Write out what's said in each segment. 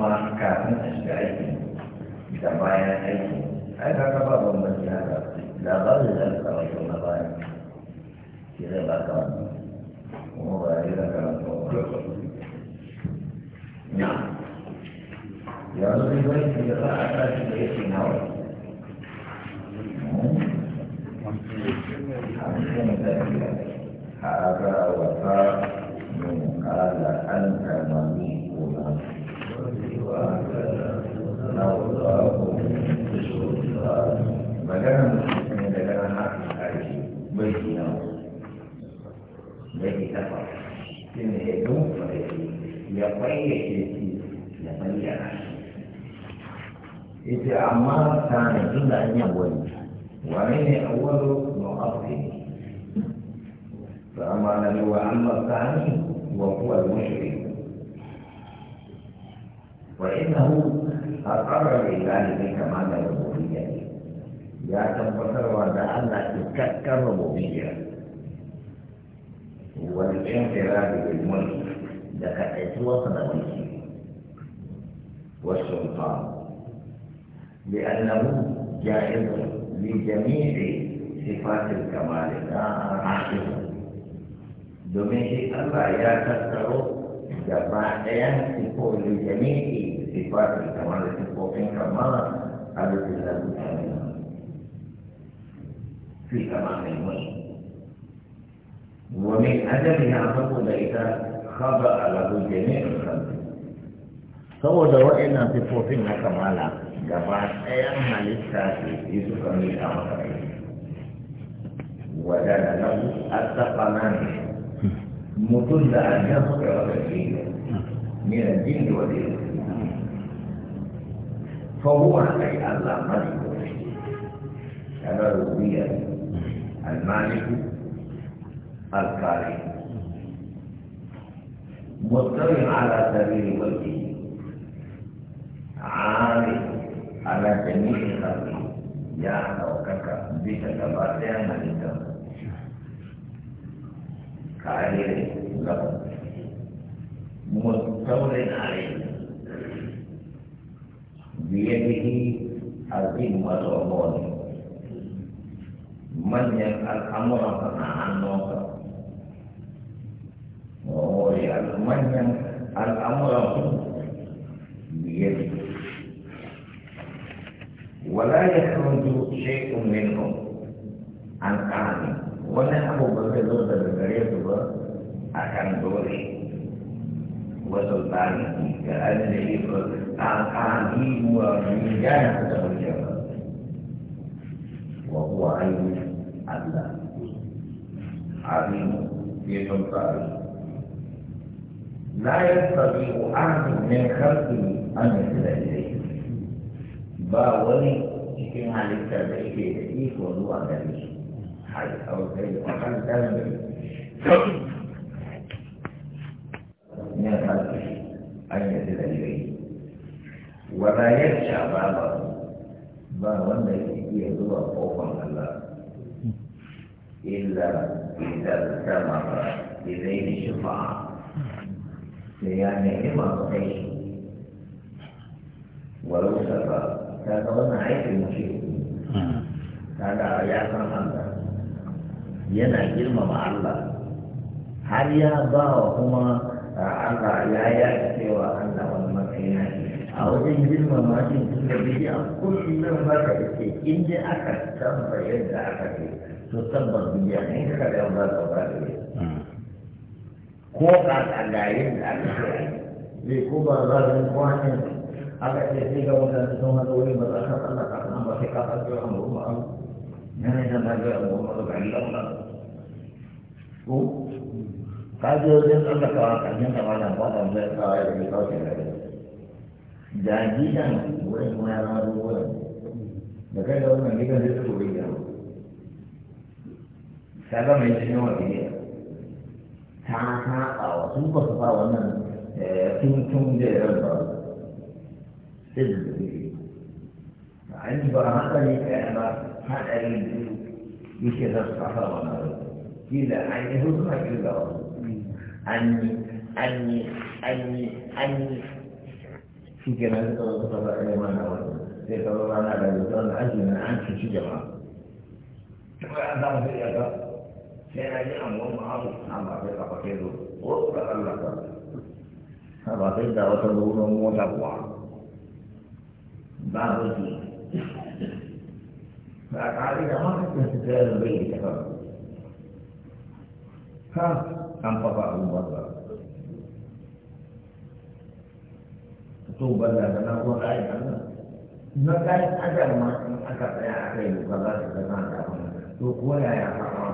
kuma kafin a shiga aiki da bayan aiki ai ka kafa bambanci haka labarin da ka kawo na bayan shi zai ba ka wani kuma ba yi da karanta wani yanzu zai zai da za a takwas shi ne ya dunfa da shi ya fayyace shi ya bayyana ita amma tana tun da an yabo ne wani ne awwalu mu'azzim فأما الذي وأما الثاني وهو المشرك وإنه أقر بذلك كمال الربوبية يا تنفسر وأن تذكر ربوبية والانفراد بالملك ذكاء توصل به والسلطان لأنه جاهز لجميع صفات الكمال لا عاقل دمشي الله يا كثر جبائيا تقول لجميع صفات الكمال تقول إن كما أبد الله في تمام الملك ومن أدبها فقد إذا خضع له جميع الخلق saboda waɗannan sifofin na kamala gaba ɗayan halitta ce yi suka miƙa maka rai wadana na asaɓana ne mutum da aljan suka yi wata ce ne na jin da wata yi fahuwa kai Allah mai gobe ya ga rubiya almaliku الكاري مطلع على سبيل وجهه عارف على جميع خلقه يا أوكك من ملكا كاري له مستول عليه بيده عظيمة أموره من يفعل أمرا فنعنه يعني المهم الأمر بيده ولا يخرج شيء منه عن أهله ولا أبو بكر akan boleh وسلطانه كأن يفرض عن أهله وميزان تدخل وهو عين الله عظيم في سلطانه لا يستطيع أحد من خلقه أن يصل إليه باوري يمكن أن يستطيع في تأييد وضوء ذلك حيث أو زي وقال تلم من خلقه أن يصل إليه ولا يخشى بابا باوري يستطيع فوق خوفا الله إلا إذا استمر إليه الشفاعة. لأن إما صحيح ولو سبب هذا وانا عيب المشير هذا يعلم هذا yana girmama Allah har ya bawa kuma Allah ya ya cewa Allah wani matsayi na a wajen girmama shi tun da a kullum ba ka ce in dai aka tambaye da aka ce to tabbas biya ne ba ba da كوكا تعلعين لكوبا الرجل كوانين هذا تسيقا وتنسونا دولي مدرسة الله تعالى وثقة تجعهم هم نحن نتجعهم هم بعلم لهم kaji wajen tsallaka wa kanin da malam wannan zai kawo ya ke kauce da kai da gidan wurin kuma ya zama ruwan da kai da wannan gidan zai tsoro gidan ta gama yin shi yawan gidan ta saba wa su ba su ba wannan tuntun da ya rarraba sai da zuri an ji ba hankali ɗaya ba haɗari biyu yake za su kafa wani abu kila an yi hudu na kirga wasu an yi an yi an yi an yi shi ke nan suka wasu kafa ɗaya mana wani sai kafa mana da yanzu wani aji na an cuci jama'a. Kuma an zama sai ya kafa. sai na ji an wani abu a ba sai ka fake zo ko ka Allah ka a ba sai da wata ruwan mota kuwa ba rufi ba ƙari da ma ka su tsaye da bai da ta ha an fafa abu ba ba to ban da na ko ai Allah na kai ajar ma aka tsaya a kai ba za ka ga na ta to ko yaya ka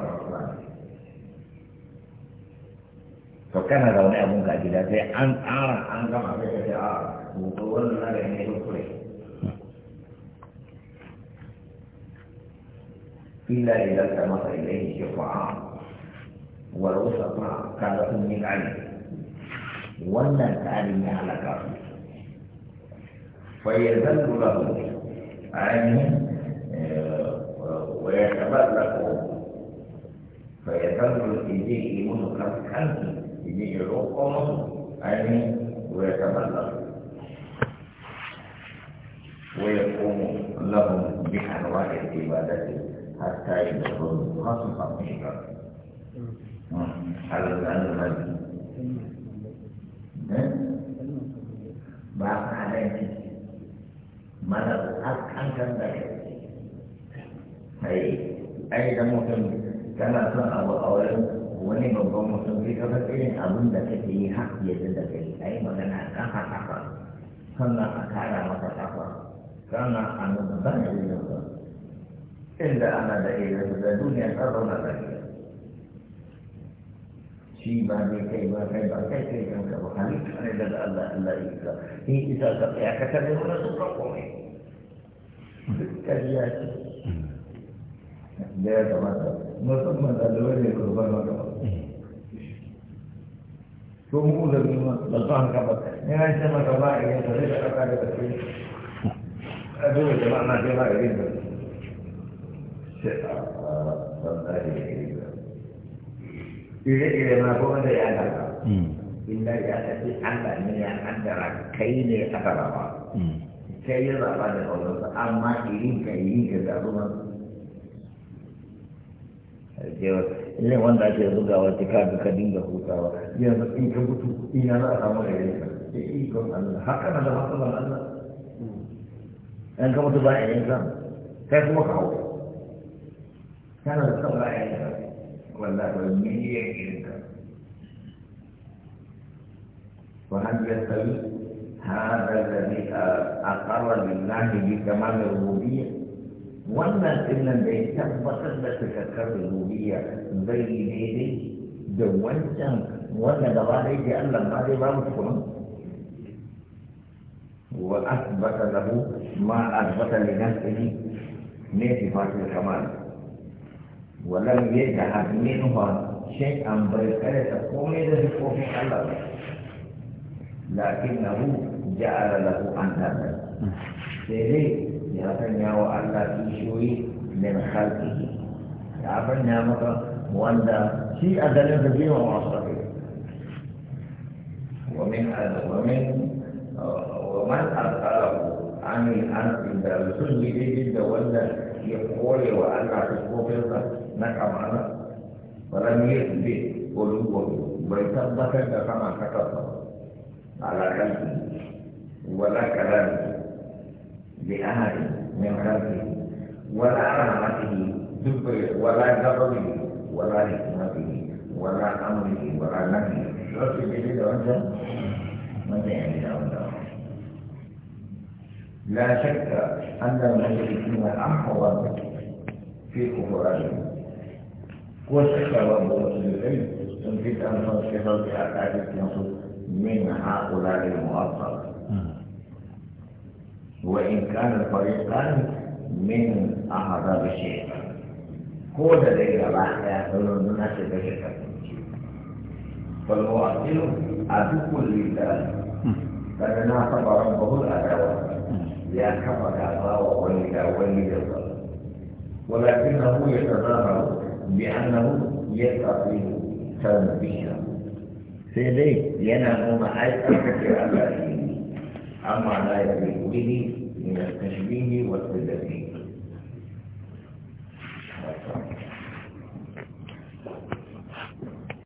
to kana da wani abun ka gida sai an tsara an gama sai ka ce a wannan na da ne kuskure illa idza samata ilayhi shafa'a wal wasafa kana sun min ali wannan tsarin ya halaka su fa yadallu lahu ainihin ويتبلغ فيظل إليه منكر كنز يجيكم أن ويتبلغ ويقوم لهم بأنواع العبادة حتى يدخلوا خاصة الشرك على العلم بعد عليك ماذا أنت ذلك أي أي دمتم كما سمع أو أولم wani babban mutum zai kaga irin abin da kake yi har yadda da kai a yi magana a kafa kafa sannan a kara masa kafa sannan a nuna ban da yin ba inda ana da irin da duniya ta zauna lafiya shi ba zai kai ba kai ba kai kai kan ka ba halitta ne daga Allah Allah ya ka ni isa ka ya ka tare mana dukkan komai kariya ce da ya kamata musamman da da wani kurban wata ko mu uzuri ma ba su hanga ne na ce maka ba a yi inda ya amma irin ne wanda ake zugawa ta kaga ka dinga hutawa yanzu in ka mutu in ya za a samu da yanka da ikon Allah haka na da matsalar Allah in ka mutu bayan yanka kai kuma ka hau kana da kan bayan yanka wallahi wani miliyan yanka wa hal a هذا الذي أقر بالله بكمال الربوبية وما إن لم يكتب بصدة تشكر الهوية بين يديه دونتا وجد ذلك أن لم تعد رمحهم وأثبت له ما أثبت لنفسه من صفات الكمال ولم يجعل منها شيئا بالقرة تقوم إذا في الله لكنه جعل له أن هذا ya sanya wa Allah kishiyoyi min khalqihi ya sanya maka wanda shi a ganin sa zai wa ومن ومن ومن أرسله عن الأرض إلى الرسل جدا ولا يقول وأن تشكو فرقة نكم أنا ولم يثبت قلوبهم ويثبت كما كتب على قلبه ولا كلامه لأحد من خلفه ولا رحمته ولا غضبه ولا حكمته ولا أمره ولا نهيه شو تجري لو أنت ما تعمل لو لا شك أن المشركين أحوط في كفرهم وشك رب العلم تنفيذ أنفسهم في أعداد النصوص من هؤلاء المعطلة وإن كان الفريقان من أعظم الشيخ هو الذي راح يحصل الناس بشكل فالمؤثر عدو فلنا فلنعصب ربه العداوة ليحكم العداوة ولد ولد ولكنه يتظاهر بأنه يستطيع في سيدي ينام معي أكثر على عما لا يليق به من التشبيه والتدليل.